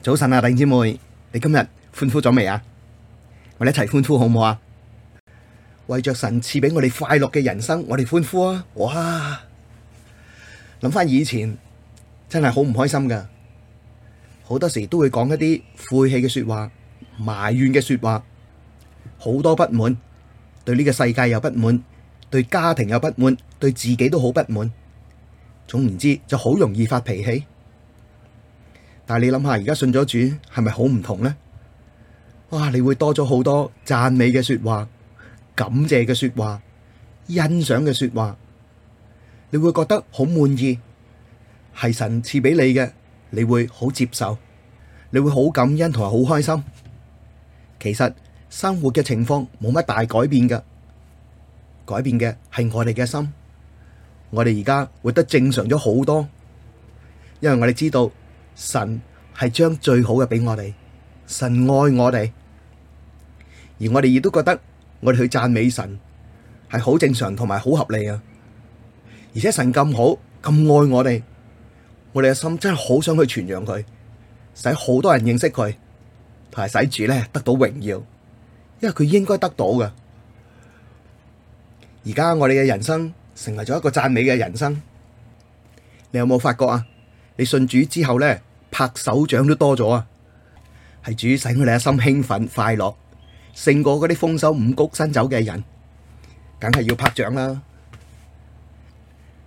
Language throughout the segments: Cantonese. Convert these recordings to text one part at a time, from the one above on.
早晨啊，弟兄姊妹，你今日歡呼咗未啊？我哋一齊歡呼好唔好啊？為着神賜俾我哋快樂嘅人生，我哋歡呼啊！哇，諗翻以前真係好唔開心噶，好多時都會講一啲晦氣嘅說話、埋怨嘅說話，好多不滿，對呢個世界有不滿，對家庭有不滿，對自己都好不滿。總言之，就好容易發脾氣。但係你諗下，而家信咗主，係咪好唔同呢？哇！你會多咗好多讚美嘅說話、感謝嘅說話、欣賞嘅說話，你會覺得好滿意，係神賜俾你嘅，你會好接受，你會好感恩同埋好開心。其實生活嘅情況冇乜大改變㗎，改變嘅係我哋嘅心，我哋而家活得正常咗好多，因為我哋知道。神係將最好嘅俾我哋，神愛我哋，而我哋亦都覺得我哋去讚美神係好正常同埋好合理啊！而且神咁好咁愛我哋，我哋嘅心真係好想去傳揚佢，使好多人認識佢，同埋使主咧得到榮耀，因為佢應該得到噶。而家我哋嘅人生成為咗一個讚美嘅人生，你有冇發覺啊？你信主之後咧？拍手掌都多咗啊！係主使我哋一心興奮快樂，勝過嗰啲豐收五穀新酒嘅人，梗係要拍掌啦！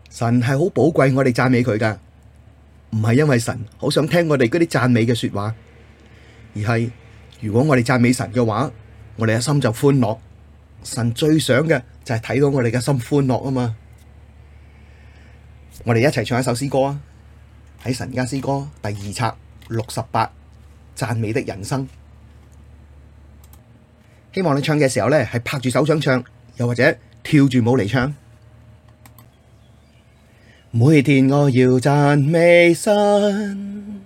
神係好寶貴我哋讚美佢噶，唔係因為神好想聽我哋嗰啲讚美嘅說話，而係如果我哋讚美神嘅話，我哋一心就歡樂。神最想嘅就係睇到我哋嘅心歡樂啊嘛！我哋一齊唱一首詩歌啊！喺《神家詩歌》第二冊六十八，讚美的人生，希望你唱嘅時候呢，係拍住手掌唱，又或者跳住舞嚟唱。每天我要讚美神，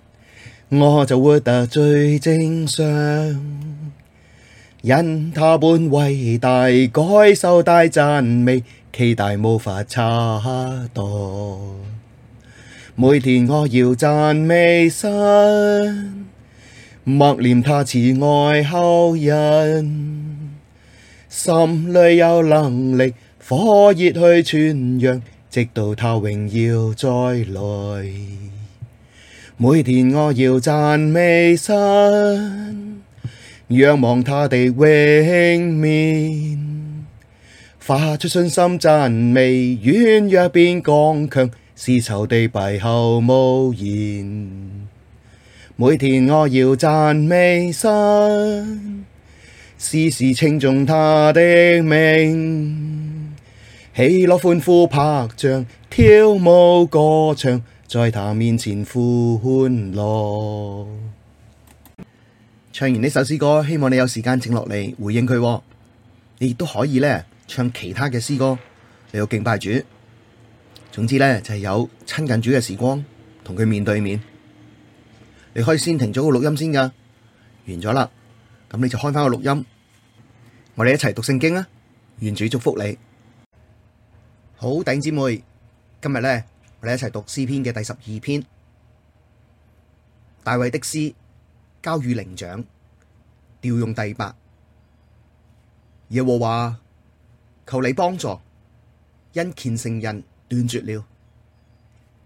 我就活得最正常。因他本為大，該受大讚美，其大無法測度。每天我要讚美神，默念他慈愛厚恩，心裏有能力，火熱去傳揚，直到他榮耀再來。每天我要讚美神，仰望他的榮面，發出信心讚美，軟弱變剛強。使仇敵閉口無言，每天我要讚美神，時時稱頌他的名。喜樂歡呼拍掌，跳舞歌唱，在他面前富歡樂。唱完呢首詩歌，希望你有時間靜落嚟回應佢喎。你亦都可以咧唱其他嘅詩歌，你要敬拜主。總之咧，就係、是、有親近主嘅時光，同佢面對面。你可以先停咗個錄音先噶，完咗啦，咁你就開翻個錄音，我哋一齊讀聖經啊！願主祝福你，好，弟兄姊妹。今日咧，我哋一齊讀詩篇嘅第十二篇，大衛的詩，交與伶長調用第八。耶和華，求你幫助，因虔誠人。斷絕了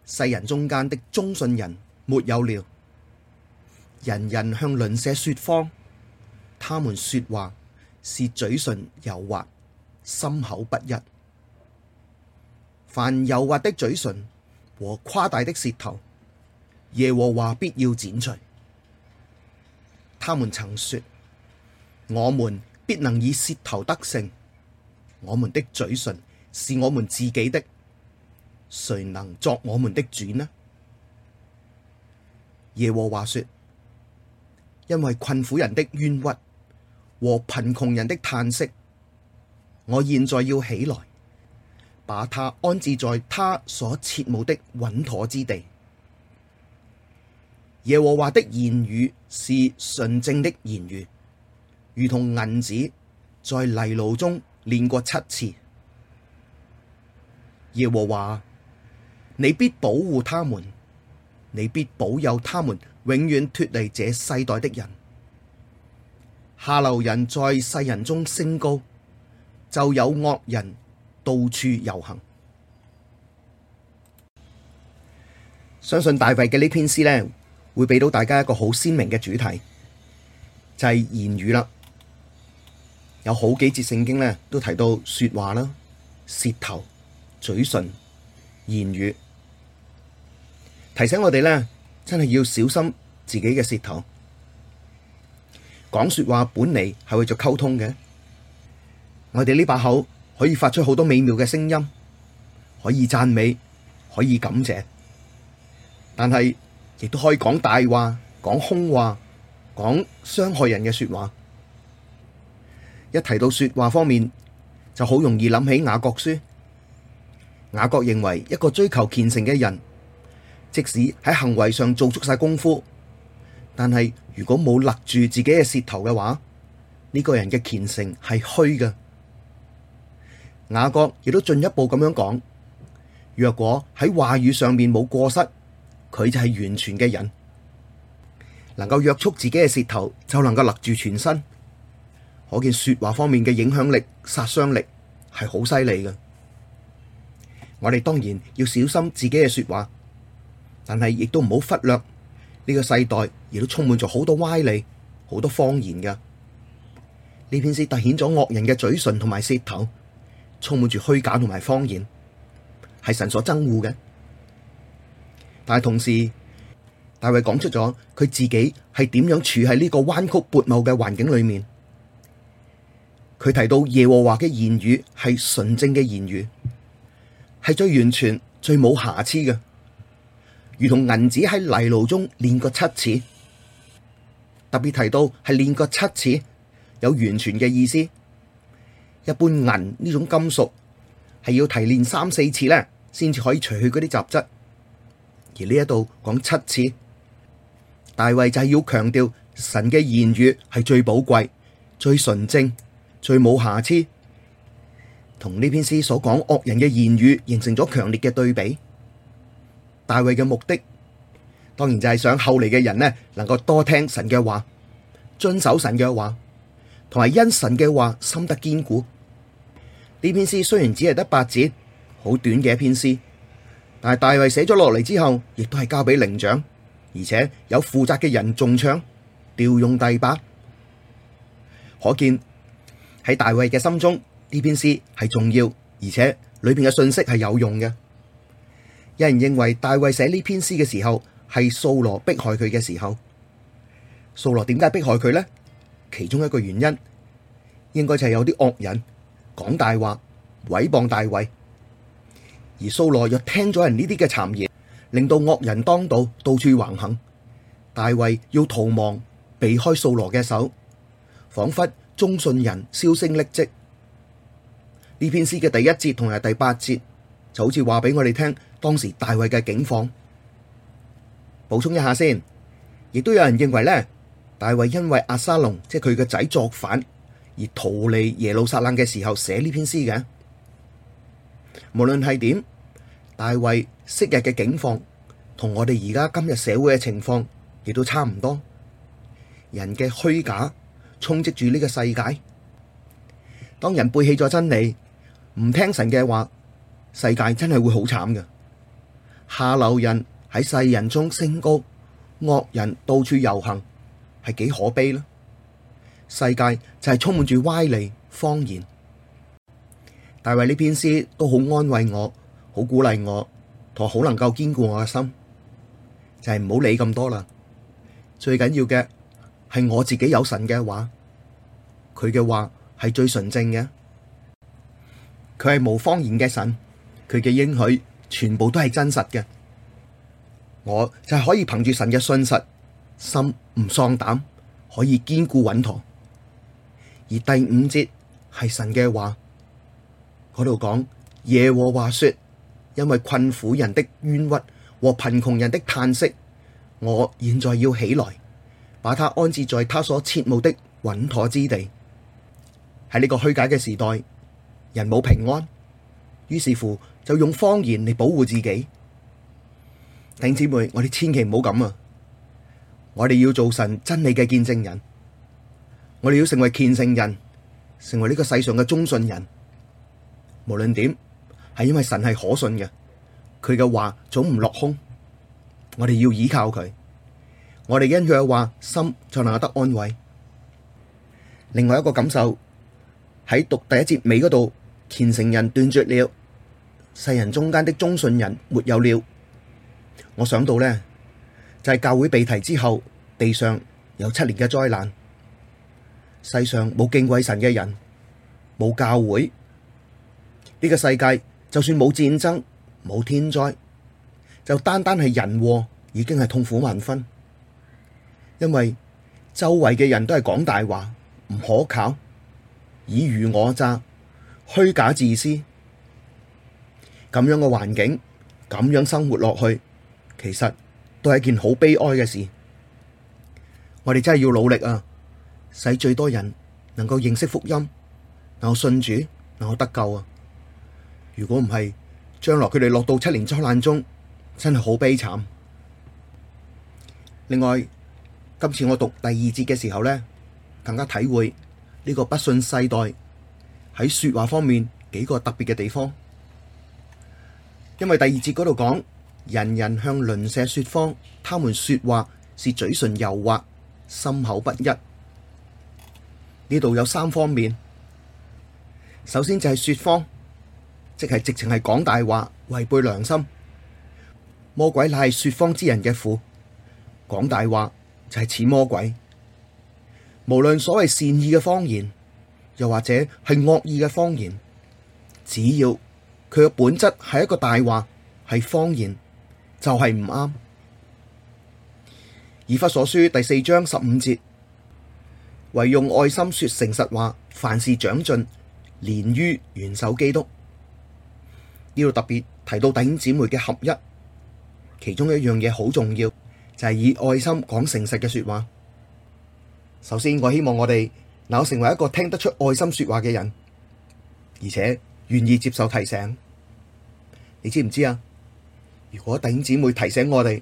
世人中間的忠信人沒有了，人人向鄰舍說謊，他們說話是嘴唇油滑，心口不一。凡油滑的嘴唇和誇大的舌頭，耶和華必要剪除。他們曾說：我們必能以舌頭得勝。我們的嘴唇是我們自己的。誰能作我們的主呢？耶和華說：因為困苦人的冤屈和貧窮人的嘆息，我現在要起來，把他安置在他所切慕的穩妥之地。耶和華的言語是純淨的言語，如同銀子在泥爐中煉過七次。耶和華。你必保護他們，你必保佑他們，永遠脫離這世代的人。下流人在世人中升高，就有惡人到處遊行。相信大衛嘅呢篇詩咧，會俾到大家一個好鮮明嘅主題，就係言語啦。有好幾節聖經咧都提到說話啦、舌頭、嘴唇、言語。提醒我哋呢，真係要小心自己嘅舌頭，講說話本嚟係為咗溝通嘅。我哋呢把口可以發出好多美妙嘅聲音，可以讚美，可以感謝，但係亦都可以講大話、講空話、講傷害人嘅說話。一提到說話方面，就好容易諗起雅各書。雅各認為一個追求虔誠嘅人。即使喺行為上做足晒功夫，但係如果冇勒住自己嘅舌頭嘅話，呢個人嘅虔誠係虛嘅。雅各亦都進一步咁樣講：若果喺話語上面冇過失，佢就係完全嘅人。能夠約束自己嘅舌頭，就能夠勒住全身。可見說話方面嘅影響力、殺傷力係好犀利嘅。我哋當然要小心自己嘅說話。但係，亦都唔好忽略呢個世代，亦都充滿咗好多歪理、好多謊言噶。呢篇詩突顯咗惡人嘅嘴唇同埋舌頭，充滿住虛假同埋謊言，係神所憎惡嘅。但係同時，大衛講出咗佢自己係點樣處喺呢個彎曲、悖謬嘅環境裏面。佢提到耶和華嘅言語係純正嘅言語，係最完全、最冇瑕疵嘅。如同銀子喺泥爐中煉過七次，特別提到係煉過七次，有完全嘅意思。一般銀呢種金屬係要提煉三四次呢，先至可以除去嗰啲雜質。而呢一度講七次，大衛就係要強調神嘅言語係最寶貴、最純正、最冇瑕疵，同呢篇詩所講惡人嘅言語形成咗強烈嘅對比。大衛嘅目的，當然就係想後嚟嘅人呢，能夠多聽神嘅話，遵守神嘅話，同埋因神嘅話心得堅固。呢篇詩雖然只係得八節，好短嘅一篇詩，但係大衛寫咗落嚟之後，亦都係交俾伶長，而且有負責嘅人重唱，調用第八。可見喺大衛嘅心中，呢篇詩係重要，而且裏邊嘅信息係有用嘅。有人認為大衛寫呢篇詩嘅時候係掃羅逼害佢嘅時候，掃羅點解逼害佢呢？其中一個原因應該就係有啲惡人講大話，毀謗大衛，而掃羅又聽咗人呢啲嘅讒言，令到惡人當道，到處橫行。大衛要逃亡避開掃羅嘅手，仿佛忠信人銷聲匿跡。呢篇詩嘅第一節同埋第八節就好似話俾我哋聽。當時大衛嘅境況，補充一下先。亦都有人認為呢，大衛因為阿沙龍即係佢嘅仔作反而逃離耶路撒冷嘅時候寫呢篇詩嘅。無論係點，大衛昔日嘅境況同我哋而家今日社會嘅情況亦都差唔多。人嘅虛假充斥住呢個世界，當人背棄咗真理，唔聽神嘅話，世界真係會好慘㗎。下流人喺世人中升高，惡人到處遊行，係幾可悲呢？世界就係充滿住歪理、謊言。大衛呢篇詩都好安慰我，好鼓勵我，同埋好能夠堅固我嘅心。就係唔好理咁多啦，最緊要嘅係我自己有神嘅話，佢嘅話係最純正嘅，佢係無謊言嘅神，佢嘅應許。全部都係真實嘅，我就係可以憑住神嘅信實，心唔喪膽，可以堅固穩妥。而第五節係神嘅話，嗰度講耶和華說：因為困苦人的冤屈和貧窮人的嘆息，我現在要起來，把他安置在他所切慕的穩妥之地。喺呢個虛假嘅時代，人冇平安。於是乎就用謊言嚟保護自己，弟姊妹，我哋千祈唔好咁啊！我哋要做神真理嘅見證人，我哋要成為虔誠人，成為呢個世上嘅忠信人。無論點，係因為神係可信嘅，佢嘅話總唔落空。我哋要依靠佢，我哋因佢嘅話心才能有得安慰。另外一個感受喺讀第一節尾嗰度，虔誠人斷絕了。世人中間的忠信人沒有了，我想到呢，就係、是、教會被提之後，地上有七年嘅災難，世上冇敬畏神嘅人，冇教會，呢、這個世界就算冇戰爭、冇天災，就單單係人禍已經係痛苦萬分，因為周圍嘅人都係講大話，唔可靠，爾虞我詐，虛假自私。咁樣嘅環境，咁樣生活落去，其實都係一件好悲哀嘅事。我哋真係要努力啊，使最多人能夠認識福音，能夠信主，能夠得救啊！如果唔係，將來佢哋落到七年災難中，真係好悲慘。另外，今次我讀第二節嘅時候呢，更加體會呢個不信世代喺說話方面幾個特別嘅地方。因為第二節嗰度講，人人向鄰舍說謊，他們說話是嘴唇油滑，心口不一。呢度有三方面，首先就係說謊，即係直情係講大話，違背良心。魔鬼乃係說謊之人嘅父，講大話就係似魔鬼。無論所謂善意嘅謊言，又或者係惡意嘅謊言，只要。佢嘅本質係一個大話，係謊言，就係唔啱。以法所書第四章十五節，唯用愛心說誠實話，凡事長進，連於元首基督。呢度特別提到弟兄姊妹嘅合一，其中一樣嘢好重要，就係、是、以愛心講誠實嘅說話。首先，我希望我哋能夠成為一個聽得出愛心說話嘅人，而且，願意接受提醒，你知唔知啊？如果弟兄姊妹提醒我哋，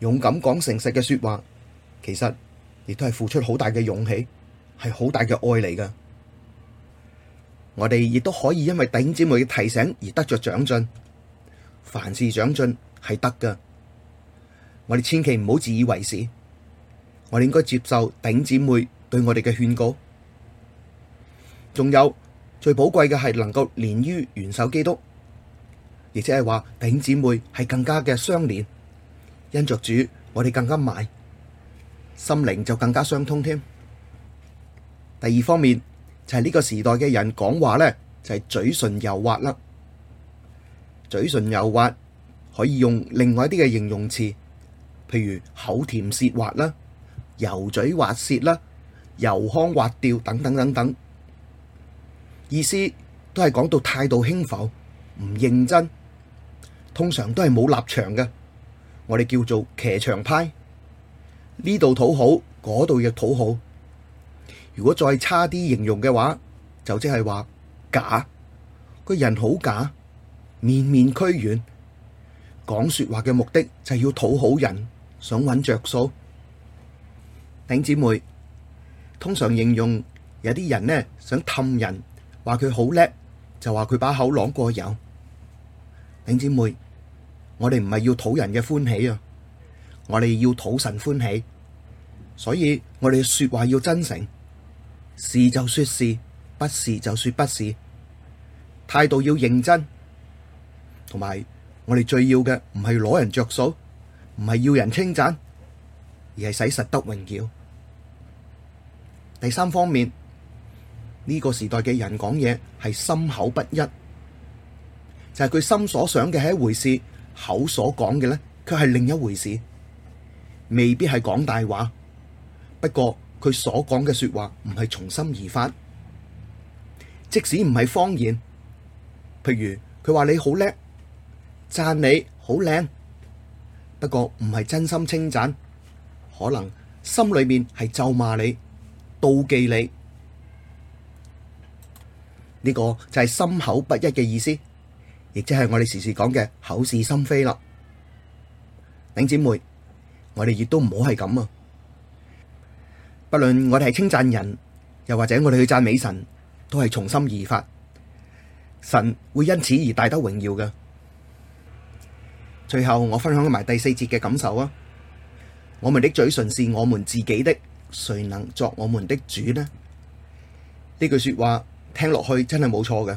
勇敢講誠實嘅說話，其實亦都係付出好大嘅勇氣，係好大嘅愛嚟噶。我哋亦都可以因為弟兄姊妹嘅提醒而得着長進，凡事長進係得噶。我哋千祈唔好自以為是，我哋應該接受弟兄姊妹對我哋嘅勸告，仲有。最寶貴嘅係能夠連於元首基督，而且係話弟兄姊妹係更加嘅相連，因着主我哋更加埋，心靈就更加相通添。第二方面就係、是、呢個時代嘅人講話呢，就係、是、嘴唇油滑啦，嘴唇油滑可以用另外一啲嘅形容詞，譬如口甜舌滑啦，油嘴滑舌啦，油腔滑調等等等等。意思都係講到態度輕浮、唔認真，通常都係冇立場嘅，我哋叫做騎牆派。呢度討好，嗰度亦討好。如果再差啲形容嘅話，就即係話假，個人好假，面面俱圓，講說話嘅目的就係要討好人，想揾着數。頂姐妹通常形容有啲人呢，想氹人。話佢好叻，就話佢把口朗過油。頂姐妹，我哋唔係要討人嘅歡喜啊，我哋要討神歡喜，所以我哋說話要真誠，是就說是，不是就說不是，態度要認真，同埋我哋最要嘅唔係攞人着數，唔係要人稱讚，而係使實得榮耀。第三方面。呢個時代嘅人講嘢係心口不一，就係佢心所想嘅係一回事，口所講嘅呢，卻係另一回事，未必係講大話。不過佢所講嘅說話唔係從心而發，即使唔係謊言，譬如佢話你好叻，讚你好靚，不過唔係真心稱讚，可能心裏面係咒罵你，妒忌你。呢個就係心口不一嘅意思，亦即係我哋時時講嘅口是心非啦。弟兄姊妹，我哋亦都唔好係咁啊！不論我哋係稱讚人，又或者我哋去讚美神，都係從心而發，神會因此而大得榮耀嘅。最後，我分享埋第四節嘅感受啊！我們的嘴唇是我們自己的，誰能作我們的主呢？呢句說話。聽落去真係冇錯嘅，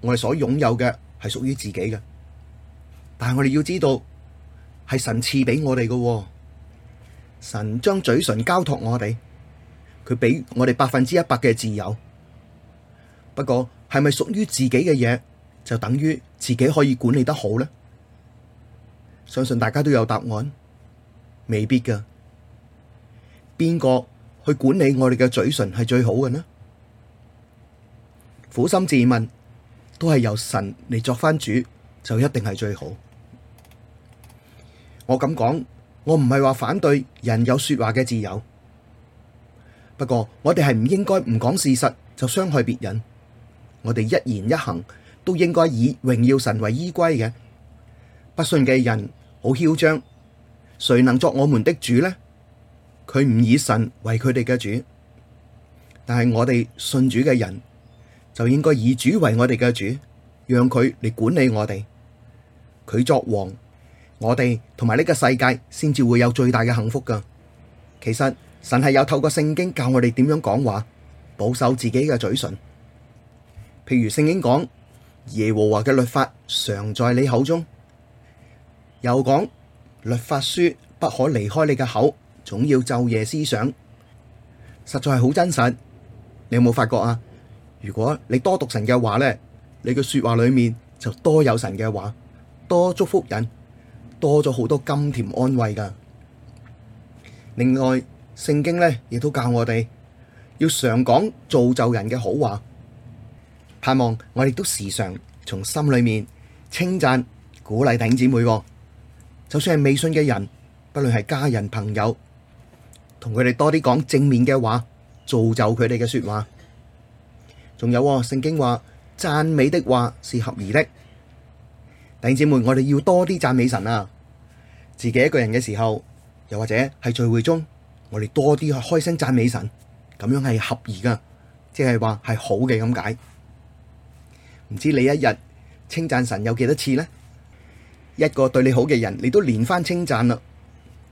我哋所擁有嘅係屬於自己嘅，但係我哋要知道係神賜俾我哋嘅啊，神將嘴唇交託我哋，佢俾我哋百分之一百嘅自由。不過係咪屬於自己嘅嘢，就等於自己可以管理得好呢？相信大家都有答案，未必噶。邊個去管理我哋嘅嘴唇係最好嘅呢？苦心自問，都係由神嚟作返主，就一定係最好。我咁講，我唔係話反對人有說話嘅自由，不過我哋係唔應該唔講事實就傷害別人。我哋一言一行都應該以榮耀神為依歸嘅。不信嘅人好囂張，誰能作我們的主呢？佢唔以神為佢哋嘅主，但係我哋信主嘅人，就應該以主為我哋嘅主，讓佢嚟管理我哋，佢作王，我哋同埋呢個世界先至會有最大嘅幸福㗎。其實神係有透過聖經教我哋點樣講話，保守自己嘅嘴唇。譬如聖經講耶和華嘅律法常在你口中，又講律法書不可離開你嘅口，總要晝夜思想。實在係好真實，你有冇發覺啊？如果你多讀神嘅話呢，你嘅說話裏面就多有神嘅話，多祝福人，多咗好多甘甜安慰㗎。另外，聖經呢亦都教我哋要常講造就人嘅好話，盼望我哋都時常從心裏面稱讚、鼓勵弟兄姊妹。就算係未信嘅人，不論係家人、朋友，同佢哋多啲講正面嘅話，造就佢哋嘅說話。仲有啊！聖經話讚美的話是合宜的，弟兄姊妹，我哋要多啲讚美神啊！自己一個人嘅時候，又或者係聚會中，我哋多啲去開聲讚美神，咁樣係合宜噶，即係話係好嘅咁解。唔知你一日稱讚神有幾多次呢？一個對你好嘅人，你都連番稱讚啦，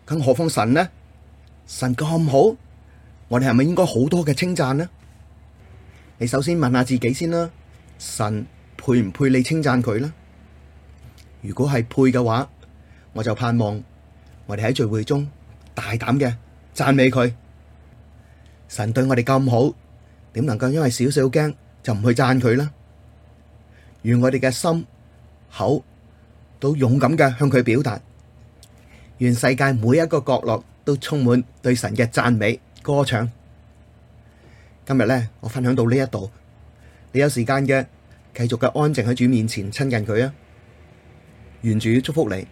更何況神呢？神咁好，我哋係咪應該好多嘅稱讚呢？你首先問下自己先啦，神配唔配你稱讚佢啦？如果係配嘅話，我就盼望我哋喺聚會中大膽嘅讚美佢。神對我哋咁好，點能夠因為少少驚就唔去讚佢呢？願我哋嘅心口都勇敢嘅向佢表達，願世界每一個角落都充滿對神嘅讚美歌唱。今日咧，我分享到呢一度，你有時間嘅，繼續嘅安靜喺主面前親近佢啊，願主祝福你。